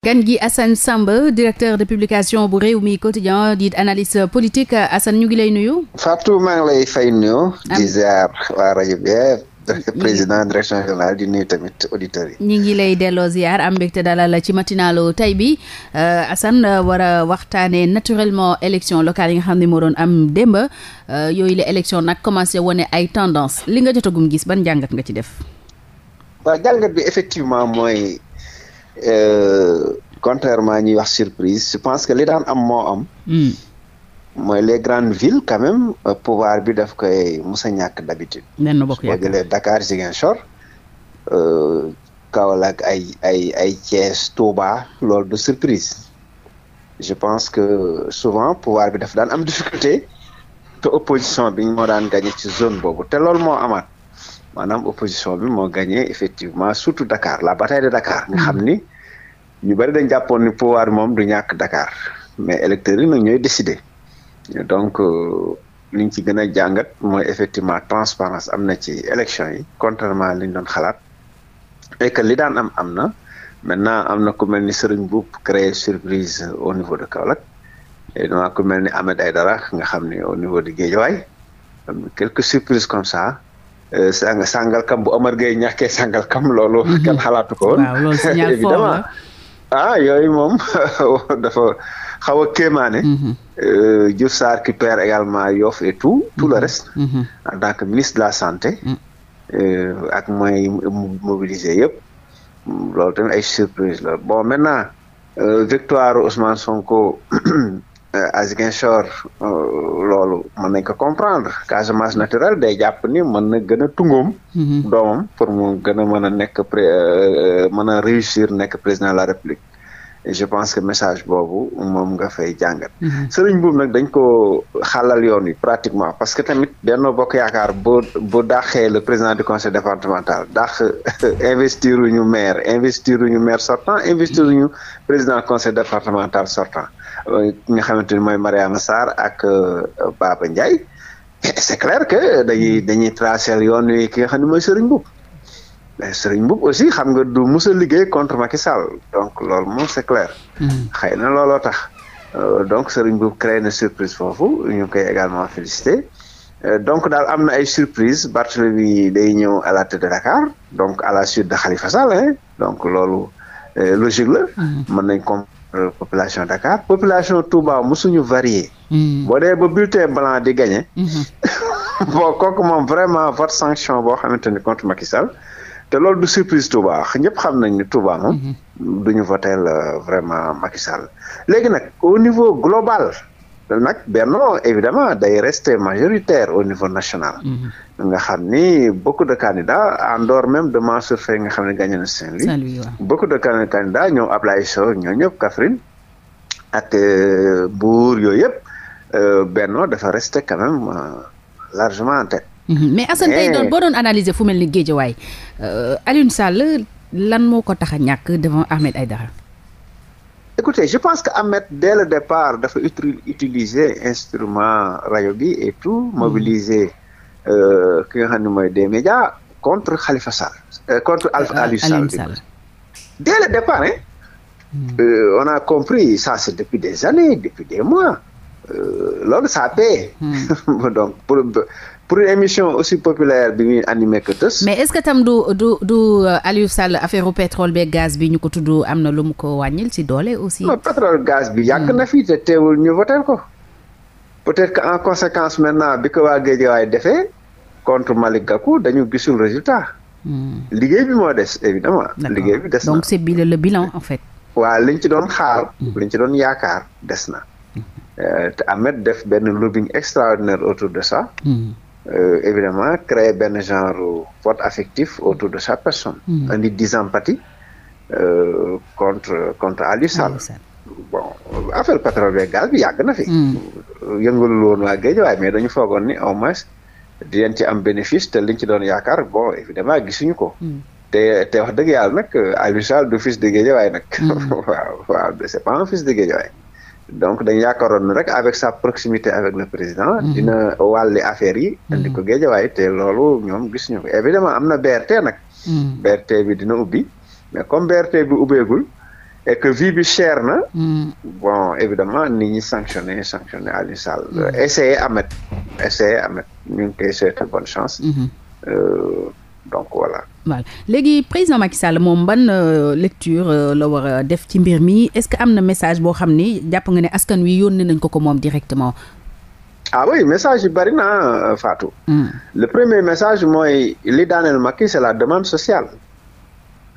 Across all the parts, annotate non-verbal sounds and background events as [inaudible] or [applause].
gan gi Assane Samb directeur de publication bu réew mi quotidien di analyste politique Assane ñu ngi lay nuyu. Fatou maa ngi lay fay nuyu. Ah. di ziar waa rajo bi président direction générale di nuy tamit auditeurs yi. ñu ngi lay delloo ziar am mbégte dalal la ci matinalu tey bi euh, Assane euh, war a waxtaanee naturellement élection locale yi nga xam ne moo doon am démb euh, yooyu la élection nag commencé wone ay tendance li nga jotagum gis ban jàngat nga ci def. waaw Euh, contrairement ñuy wax surprise je pense que li daan am moo am. Hmm. mooy les grandes villes quand même euh, pouvoir bi daf koy mos a ñàkk d'habitude. nenn bokk boo jëlee Dakar Ziguinchor. Euh, Kaolack ay ay ay Thiès Touba loolu de surprise. je pense que souvent pouvoir bi def daan am difficulté. te opposition bi moo daan gagné ci zone boobu te lool moo amaat maanaam opposition bi moo gagné effectivement surtout Dakar la bataille de Dakar nga xam ni. ñu bari dañ jàppoon ni pouvoir moom du ñàkk Dakar mais électeurs yi nag ñooy décidé donc euh, li ñu ci gën a jàngat mooy effectivement transparence am na ci élection yi contrairement li ñu doon xalaat et que li daan am am na maintenant am na ku mel ni Serigne Boub créer surprise au niveau de Kaolack et dama ku mel ni Ahmed dara nga xam ne au niveau de Guédiawaye am na quelques surprises comme ça euh, sangal kam bu Omar Gueye ñàkkee sangal kam loolu mhm. kenn xalaatu ko woon évidemment ah yooyu moom [laughs] dafa xaw a kéemaane. Mm-hmm. Euh, Diouf Sarr qui perd également Yoff et tout le mm-hmm. reste. Mm-hmm. en tant ministre de la santé. Mm. Euh, ak mooy mobiliser yëpp. loolu tamit ay surprise la bon maintenant euh, victoire Ousmane Sonko. [clears throat] à euh, Ziguinchor euh, loolu mën nañ ko comprendre Casamance naturel day jàpp ni mën na gën a tungoom mhm. doomam pour mu gën a mën a nekk euh, mën a réussir nekk président la République et je pense que message boobu moom nga fay jàngat. Mhm. sëriñ buum nag dañ ko xàllal yoon wi pratiquement parce que tamit Benno Bokk Yaakaar boo boo dàqee le président du conseil départemental dàq [laughs] investir ñu maire investir ñu maire sortant investir ñu président conseil départemental sortant ki nga xamante ni mooy Mariama Sarr ak euh, Baba Ndiaye c'est clair que dañuy dañuy tracer yoon wi ki nga xam ne mooy sëriñ buum. Serigne Mboup aussi xam nga du mës liggéey contre Macky Sall donc loolu moom c'est clair. Hmm. xëy na looloo tax. Euh, donc Serigne Mboup créé na surprise foofu ñu ngi koy également félicité euh, donc daal am na ay surprise Barthélemy day ñëw à la tête de Dakar donc à la suite de Khalifa Sall donc loolu euh, logique la. Hmm. mën nañ comprendre population Dakar population Touba mosuñu varié. Hmm. boo dee ba bulletin blanc di gagné. [laughs] bon kooku moom vraiment vote sanction boo xamante ni contre Macky Sall. te loolu du surprise Touba ñëpp xam nañ ni Touba moom. Mhm. du ñu voteel vraiment Macky Sall. léegi nag au niveau global nag Benno évidemment day rester majoritaire au niveau national. Mhm. nga xam ni beaucoup de candidats en dehors même de Mansour Faye nga xam ne gagné na Saint-Louis. Saint-Louis waaw beaucoup de candidats ñoom Ablaye Sow ñoo ñëpp Kaffrine ak euh, yooyu yëpp euh, Benno dafa rester quand euh, largement en tête. Mhm. mais Assane tey doon eh. boo doon analyser fu mel ni Guédiawaye euh, Alioune Sall lan moo ko tax ñàkk devant Ahmed Aïdara. écoutez je pense que Ahmed dès le départ dafa utiliser instrument rajo bi et tout mhm. mobiliser euh, ki nga xam ne mooy des média contre Khalifa Sall euh, contre euh, Alioune Sall dès départ mhm. on a compris ça c'est depuis des années depuis des mois loolu ça [laughs] donc pour une émission aussi populaire bi ñuy animé que tës. mais est-ce que tam du du du euh, Aliou Sall affaire pétrole beeg gaz bi ñu ko tudd am na lu mu ko wàññil ci doole aussi. non pétrole gaz bi yàgg na fii te teewul ñu voté ko. peut-être que en conséquence maintenant bi ko waa Guédiawaye defee contre Malick Gakou dañu gisul résultat. Hmm. liggéey bi moo des évidemment liggéey bi des na donc c'est bilan le bilan en fait. waaw liñ ci doon xaar. Hmm. Hmm. liñ ci doon yaakaar des na. Euh, te Ahmed def benn lobbying extraordinaire autour de ça. euh, évidemment créer benn genre pot affectif autour de sa personne. Hmm. indi des sympathies euh, contre contre Aliou Sall. bon affaire pétrole beeg gaz bi yàgg na fi. Hmm. yëngalul woon waa géej waaye dañu foogoon ni au moins dinañ ci am bénéfice te liñ ci doon yaakaar bon évidemment gisuñu ko. Hmm. te te wax dëgg yàlla nag Aliou Sall du fils de Guédiawaye nag. [laughs] waaw waaw c'est pas un fils de Guédiawaye. donc dañ yaakaaroon ne rek avec sa proximité avec le président. Mhm. dina wàlli affaire yi. Mhm. indi ko géejawaay te loolu ñoom gis ñu ko évidemment am na BRT nag. Mhm. BRT bi dina ubbi mais comme BRT bi ubbeegul. et que vie bi cher na. bon évidemment nit ñi sanctionné sanctionné Aliou Sall. essayer amet essayer amet ñu ngi koy souhaiter bonne chance. Euh, donc voilà. voilà léegi président Macky Sall moom ban euh, lecture euh, la war a def ci mbir mi est-ce que am na message boo xam ni jàpp nga ne askan wi yónnee nañ ko ko moom directement. ah oui message yi bari na euh, Fatou. Hmm. le premier message mooy li daaneel Macky c'est la demande sociale.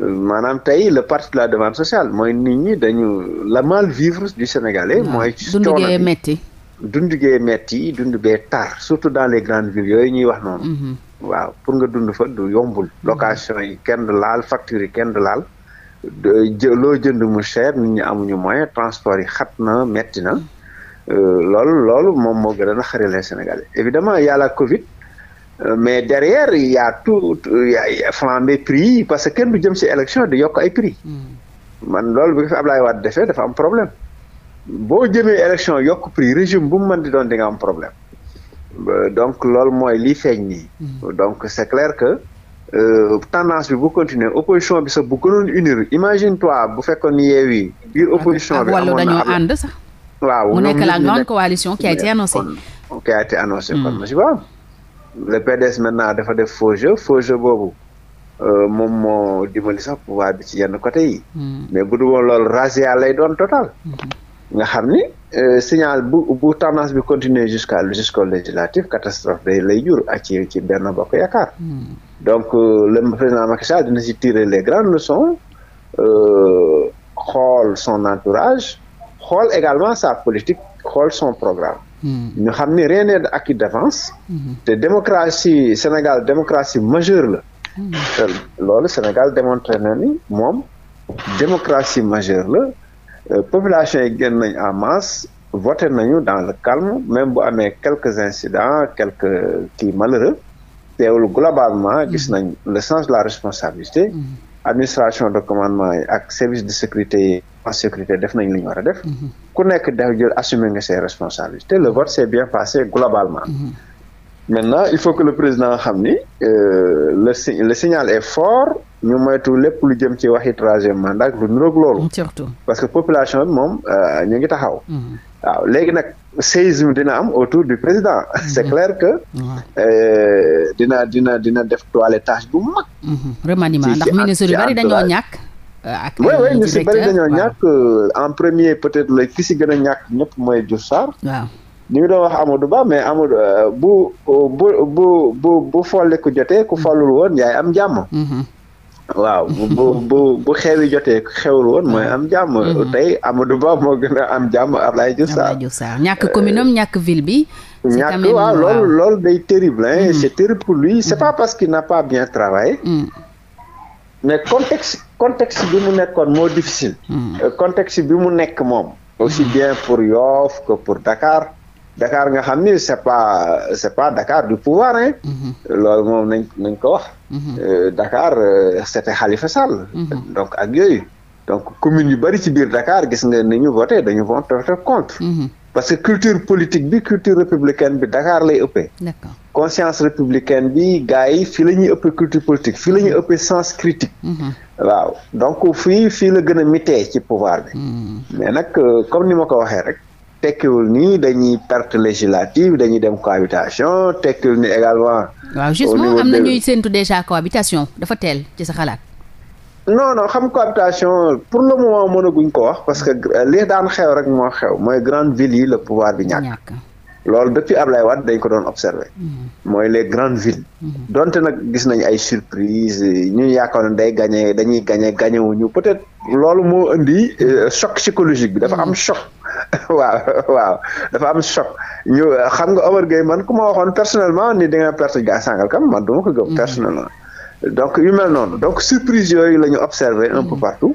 maanaam tey le parti de la demande sociale mooy nit ñi dañu la mal vivre du sénégalais. Ah. mooy dundu gee metti. dundu gee metti dundu bee tar surtout dans les grandes villes yooyu ñuy wax noonu. Hmm. waaw pour nga dund fa du yombul mm-hmm. location yi kenn du laal facture yi kenn du laal loo jënd mu cher nit ñi amuñu moyen transport yi xat na metti na euh, loolu loolu moom moo gën a naqari les Sénégalais évidemment y la Covid euh, mais derrière y tout y a flambé prix yi parce que kenn du jëm ci élection di yokk ay prix mm. man loolu bi ko fi Ablaye Wade defee dafa am problème boo jëmee élection yokk prix régime bu mu mën di doon di nga am problème Euh, donc loolu mooy lii feeñ nii. Mm-hmm. donc c'est clair que euh, tendance bi bu continuer opposition bi sax bu gënoon unir imagine toi bu fekkoon ni Yewwi biir bi amoon waaw mu nekk la grande coalition qui a été annoncée. qui a été annoncée kon ma si waaw. le PDS maintenant dafa def faux jeu faux jeu boobu euh, moom moo dimbali sax pouvoir bi ci yenn côté yi. Mm. mais bu dul woon loolu razzia lay doon total. Mm-hmm. nga xam ni. Euh, signal bu bu tendance bi continuer jusqu'à jusqu'au législatif catastrophe day lay jur ak ci ci benn bokk yaakaar. Hmm. donc euh, le président Macky Sall dina ci tirer les grandes leçons euh, xool son entourage xool également sa politique xool son programme. Hmm. ñu xam ni rien n'est acquis d'avance. Hmm. te démocratie Sénégal démocratie majeure la. loolu Sénégal démontré moom démocratie majeure la. Euh, population yi génn nañ en masse voté nañu dans le calme même bu amee quelques incidents quelques kii malheureux teewul globalement gis mm-hmm. nañ le sens de la responsabilité mm-hmm. administration de commandement yi ak service de sécurité yi en sécurité def nañ li ñu war a def mm-hmm. ku nekk def jël assumer nga ses responsabilités le vote s'est bien passé globalement maintenant il faut que le président xam ni euh, le si le signal est fort ñu moytu lépp lu jëm ci waxi troisième mandat lu niroog loolu. surtout parce que population bi moom euh, ñu ngi taxaw. Mm. waaw léegi nag séisme dina am autour du président. Mm-hmm. c' est clair que. Euh, dina dina def def toilettage bu mag. Mm-hmm. remaniement ndax ministre yu bari dañoo ñàkk. ak oui oui ñu si en premier peut-être la ki si gën a ñàkk ñëpp mooy Diouf ñu ngi doon wax Amadou Ba mais Amadou euh, bu bu bu bu bu ku jotee ku fallul woon yaay am jàmm. Mm-hmm. waaw bu bu bu xewi jotee xewul woon mooy am jàmm. Mm-hmm. tey Amadou Ba moo gën am jàmm Abdoulaye Diouf Sarr. Abdoulaye ñàkk commune ñàkk ville bi. ñàkk waaw euh, loolu loolu day terrible hein. Mm-hmm. c'est pas parce que n'a pas bien travaillé. mais contexte bi mu nekkoon moo difficile. Euh, contexte bi mu nekk moom. aussi bien pour Yoff que pour Dakar. Dakar nga xam ni c'est pas c'est pas Dakar du pouvoir hein. Mhm. loolu moom nañ nañ ko wax. Mhm. Euh, Dakar euh, c'était xalifa Sall. Mhm. donc ak yooyu. donc commune yu bari ci biir Dakar gis nga ni ñu voté dañu voté contre. parce que culture politique bi culture républicaine bi Dakar lay ëppee. d'accord conscience républicaine bi gars yi fii la ñuy ëppee culture politique fii la ñuy ëppee sens critique. waaw donc fii fii la gën a mitee ci pouvoir bi. mais nag euh, comme ni ma ko waxee rek. tekkiwul ni dañuy perte législative dañuy dem cohabitation tekkiwul ni également. waaw justement am na ñuy séntu déjà cohabitation dafa teel ci sa xalaat. non no xam cohabitation pour le moment mënaguñ ko wax parce que euh, li daan xew rek moo xew mooy grande villes yi le pouvoir bi ñàkk. loolu depuis Ablaye Wade dañ ko doon observé. Mm-hmm. mooy les grandes villes. Mm-hmm. donte nag gis nañu ay surprise ñu yaakaar ne day gagné dañuy gagné gagné wuñu peut-être loolu moo indi euh, choc psychologique bi dafa am mm-hmm. choc. [laughs] waaw waaw dafa am choc ñu xam nga Omar Gueye man ku ma waxoon personnellement ni da nga perte gars sàngal kam man du ma ko gëm mm-hmm. personnellement donc yu mel noonu donc surprise yooyu la ñu observé un peu mm-hmm. partout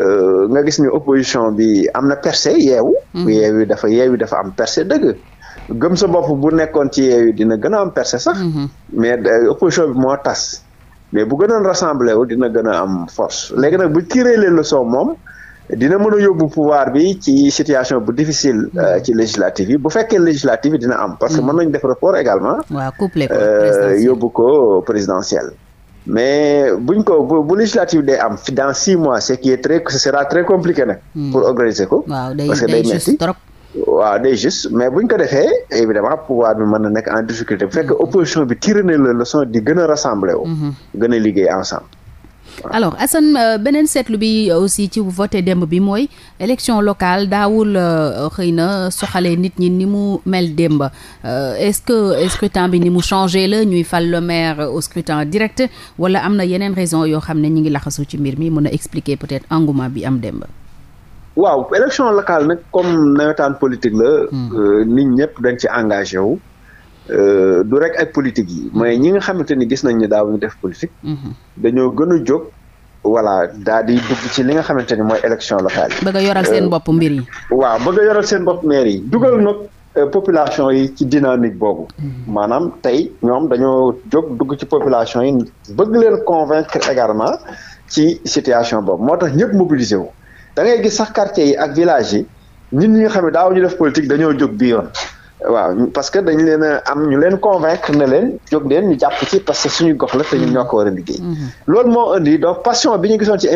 euh, nga gis ni opposition bi am na percée yeewu mm-hmm. yeewu dafa yeewu dafa am percée dëgg gëm sa bopp bu nekkoon ci yeewu dina gën a am percée sax mais euh, opposition bi moo tas mais bu gënoon rassemblé wu dina gën a am force léegi nag bu tiré les leçons moom dina mën a yóbbu pouvoir bi ci situation bu difficile mm. euh, ci législative yi bu fekkee législative yi dina am parce que mm. mën nañu def report également waaw couplé ko euh, yóbbu ko présidentielle mais buñ ko bu législative day am dans six mois ce qui est très ce sera compliqué nag mm. pour organiser ko parce que day metti waaw day juste mais buñ ko defee évidemment pouvoir bi mën na nekk en difficulté bu fekkee mm-hmm. opposition bi tiré na la leçon di gën a rassemblé wu mm-hmm. a liggéey ensemble alors Assane euh, beneen seetlu bi aussi ci vote démb bi mooy élection locale daawul euh, xëy na soxale nit ñi ni mu mel démb euh, est-ce que scrutin bi ni mu changé la ñuy fal le maire au scrutin direct wala am na yeneen raison yoo xam ne ñu ngi laxasu ci mbir mi mun a expliquer peut-être engouement bi am démb waaw élection locale nag comme nawetaan politique la hmm. nit ñëpp dañ ci engagé wu Euh, du rek ay politique yi mais ñi nga xamante ni gis nañ ni daaw ñu def politique. Mhm. dañoo gën a jóg. voilà daal di dugg ci li nga xamante ni mooy élection locale yi. bëgg a yoral seen bopp mbir yi. Euh, waaw bëgg a yoral seen bopp maire yi dugal mhm. nag euh, population yi ci dynamique boobu. Mhm. maanaam tey ñoom dañoo jóg dugg ci population yi bëgg leen convaincre également ci situation boobu moo tax ñëpp mobiliser wu. da ngay gis sax quartier yi ak village yi ñun ñi nga xam ne daaw ñu def politique dañoo jóg bi yoon. waaw parce que dañu leen am ñu leen convaincre ne leen jóg leen ñu jàpp ci parce que suñu gox la te ñu ñoo ko war a liggéey. Mhm. Mhm. loolu moo indi donc passion bi ñu gisoon mhm.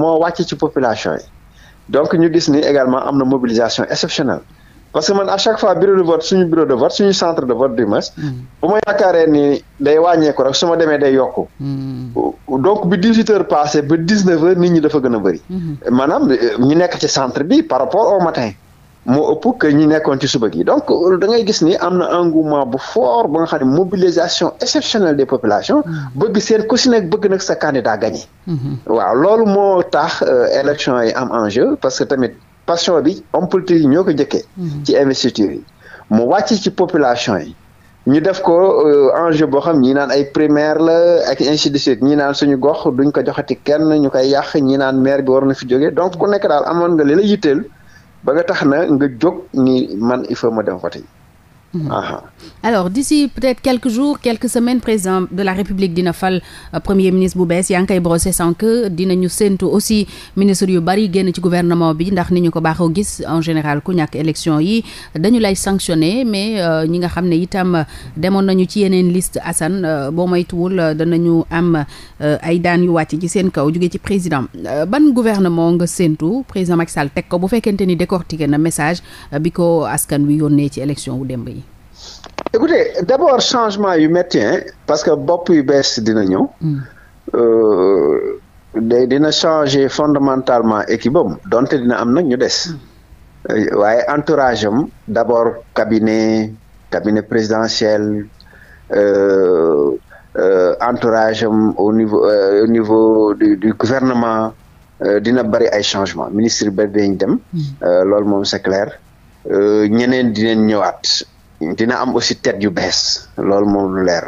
moo wàcc ci population yi. ñu gis ni également am na mobilisation exceptionnelle parce que man à chaque fois bureau de vote suñu bureau de vote suñu centre de vote du mas bu ma yaakaaree ni day wàññeeku rek su ma demee day yokku donc bi dix huit heures passé ba dix neuf heures nit ñi dafa gën a bëri maanaam euh, ñu nekk ci centre bi par rapport au moo ëpp que ñu nekkoon ci suba gi donc da gis ni am na engouement bu fort ba nga xam ne mobilisation exceptionnelle des population mm. bëgg seen ku si nekk bëgg nag sa candidat gagné. Mm-hmm. waaw loolu moo tax euh, élection yi am enjeu parce que tamit passion bi homme politique yi ñoo ko njëkkee. Mm-hmm. ci investiture yi mu wàcc ci population yi. ñu def ko euh, enjeu boo xam ñi naan ay primaire la ak ainsi de suite ñi naan suñu gox duñ ko joxati kenn ñu koy yàq ñi naan maire bi war na fi jóge donc ku nekk daal amoon nga li la ba nga tax na nga jóg ni man il faut ma dem voter Mmh. alors d'ici peut-être quelques jour quelques semaines président de la république dina fal euh, premier ministre bu bees yaa ngi koy brosser sànq dinañu séntu aussi ministre yu bari génn ci gouvernement bi ndax ni ñu ko baaxoo gis en général ku ñàkk élection yi dañu lay sanctionner mais euh, ñi nga xam ne itam demoon nañu ci yeneen liste Assane euh, boo moytuwul danañu am ay daan yu wàcc ci seen kaw jóge ci président ban gouvernement nga séntu président Macky Sall teg ko bu fekkente ni décortiqué na message bi ko askan wi yónnee ci élection wu démb yi écoutez d'abord changement yu métti parce que bopp yu bees dina ñëw. Hmm. Euh, day dina changer fondamentalement équipe am donte dina am nag ñu des. Hmm. Euh, waaye entourage am d'abord cabinet cabinet présidentiel euh, euh, entourage am au niveau euh, au niveau du, du gouvernement dina bari ay changements ministre yi bari dañ dem. Hmm. loolu moom c'est clair. ñeneen dinañ ñëwaat dina am aussi tête yu bees loolu moom lu leer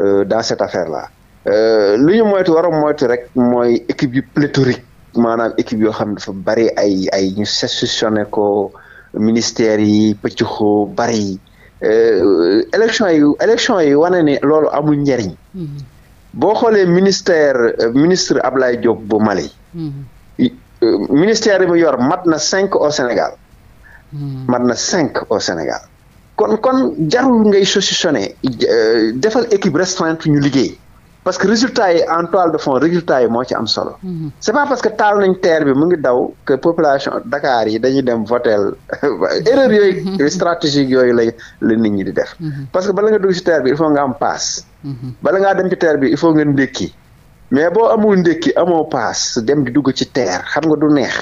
euh, dans cette affaire là euh, lu ñu moytu war a moytu rek mooy équipe yu pléthorique maanam équipe yoo xam ne dafa bari ay ay ñu sessionné ko ministère yi pëccuxoo bari euh, élection yi élection yi wane ne loolu amul njariñ mm-hmm. boo xoolee ministère ministre Ablaye Diop bu Mali mm-hmm. ministère yi mu yor mat na cinq au Sénégal mm-hmm. mat na cinq au Sénégal kon kon jarul ngay saucissonné euh, defal équipe restreinte ñu liggéey parce que résultat yi en de fond résultat yi moo ci am solo. Mhm. c' pas parce que taal nañ teer bi mu ngi daw que population Dakar yi dañuy dem votel [laughs] erreur yooyu mhm. [laughs] stratégique yooyu la nit ñi di def. Mhm. parce que bala nga bi il faut am paas. bala dem ci terre bi il faut nga ndékki mais boo amul ndékki amoo paas dem di dugg ci terre xam nga du neex.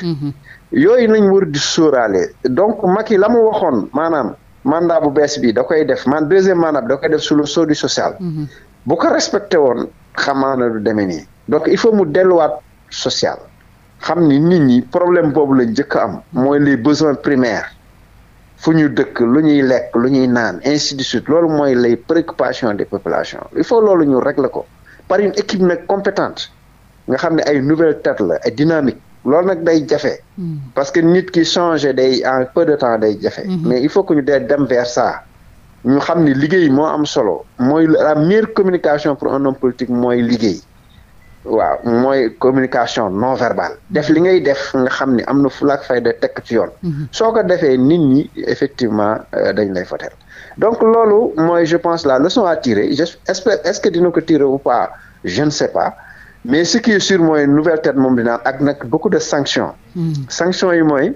yooyu nañ war di sóoraale donc Macky la mu waxoon maanaam. mandat bu bees bi da koy def man deuxième mandat bi da koy def sous le sceau du social. Mhm. bu ko respecté woon xamaana du demee nii. donc il faut mu delluwaat social. xam ni nit ñi problème boobu la njëkk a am. mooy les besoins primaires. fu ñu dëkk lu ñuy lekk lu ñuy naan ainsi de suite loolu mooy les préoccupations des population il faut loolu ñu régler ko par une équipe nag compétente nga xam ne ay nouvelle tête la ay dynamique loolu nag day jafe. Hmm. parce que nit ki changé day en peu de temps day jafe. Hmm. mais il faut que ñu dee dem vers ñu xam ni liggéey moo am solo mooy la meilleure communication pour un homme politique mooy liggéey waaw mooy communication non verbale def li ngay def nga xam ni am na fulaak de tekk ci yoon hmm. soo ko defee nit ñi effectivement euh, dañ lay foteel donc loolu mooy je pense la leçon à tirer je espère est-ce que dina ko tirer ou pas je ne sais pas mais ce qui est sûr mooy nouvelle tête moom dina ak nag beaucoup de sanctions. Hmm. sanctions yi mooy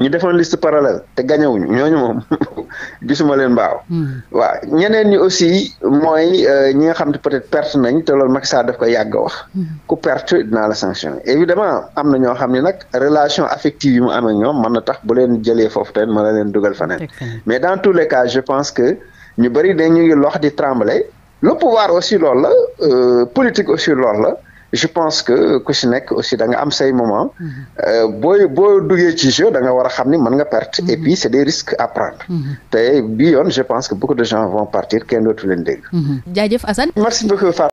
ñu defoon list parallèle te gañewuñu ñooñu moom [laughs] gisuma leen mbaaw. Hmm. waaw ñeneen ñi aussi mooy euh, ñi nga xam te peut-être perte nañ te loolu Macky Sall daf ko yàgg wax. Hmm. ku perte naa la sanction évidemment am na ñoo xam ne nag relation affective yi mu amee ñoom mën na tax bu leen jëlee foofu tamit mën na leen dugal faneen. mais dans tous les cas je pense que ñu bëri dañ ñu ngi lox di trembler. le pouvoir aussi loolu la Euh, politique aussi loolu la je pense que ku si nekk aussi danga am say moment euh, booy boo duggee ci jeu da nga war a xam ni mën nga perte et puis des risques à prendre te bi je pense que beaucoup de gens vont partir kenn dootu leen dégg